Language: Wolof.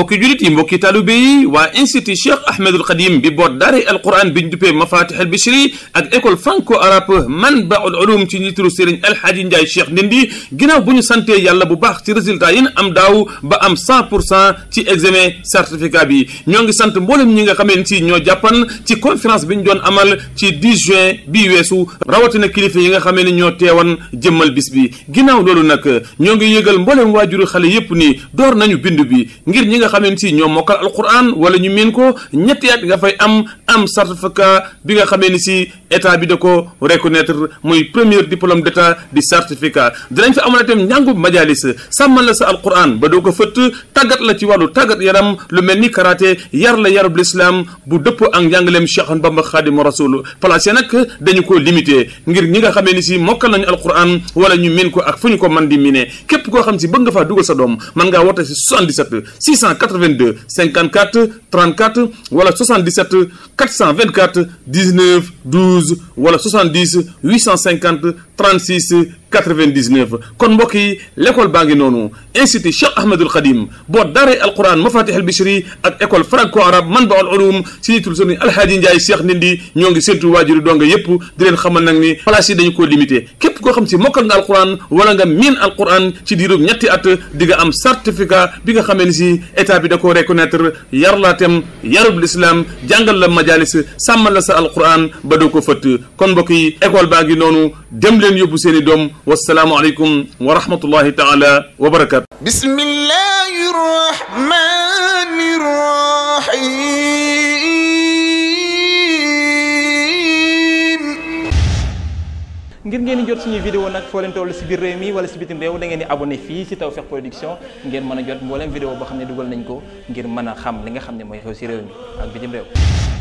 mbokki julit yi mbokki taalube yi waa institut cheikh ahmadul xadim bi boot daare alquran biñ duppee mafatihal ak école franco arabe man baul ci njiituru sëriñ alhaaji ndiaye cheikh ndindi ginnaaw bu ñu santee yàlla bu baax ci résultat yi am daaw ba am 100 pour cent ci examen certificat bi ñoo ngi sant mboolem ñi nga xamee ne si ñoo jàppan ci conférence bi ñu doon amal ci 10 juin bii weesu rawatina kilifa yi nga xamee ne ñoo teewan jëmmal bis bi ginnaaw loolu nag ñoo ngi yëgal mboolem waajuru xale yépp ni door nañu bindu bi xamante si ñoom mokkal alquran wala ñu meen ko ñetti at nga fay am am certificat bi nga xamee ni si état bi da ko reconnaître muy premier diplôme d' état di certificat dinañ fi amal itam njàngub majalis sàmmal la sa alquran ba doo ko fëtt tàggat la ci wàllu tàggat yaram lu mel ni karaté yar la yarub lislaam bu dëpp ak njàngaleem Cheikh Bamba ko limité ngir ñi nga xamee ni si mokkal nañu alquran wala ñu meen ko ak fu ñu ko mën di mine képp koo xam si bëgg nga faa dugal sa doom mën ngaa woote si 77 600 282 54 34 wala 77 424 19 12 wala 70 850 kon mbokk yi baa ngi noonu institut Cheikh Ahmadul Khadim boo daaree alquran mafatih al bichri ak école franco arabe man ba al ulum si nitul sunu alhaaji Ndiaye Cheikh Ndindi ñoo ngi séntu waajuri donga yépp di leen xamal nag ni place yi dañu ko limité képp koo xam si mokkal nga alquran wala nga miin alquran ci diirub ñetti at di am certificat bi nga xamee si état da koo reconnaître yar laa tem yarub l'islam jàngal la sa alquran ba doo leen yóbbu doom wasalaamu aleykum wa rahmatullahi taala wa barakaatu bismillahi rahmani rahim ngir ngeen di jot si biir mi wala si bitim réew da ngeen di fii si Tawfekh Production ngeen mën a jot mbooleem vidéo boo xam ne dugal nañ ko ngir mën a xam li nga xam ne mooy xew si réew mi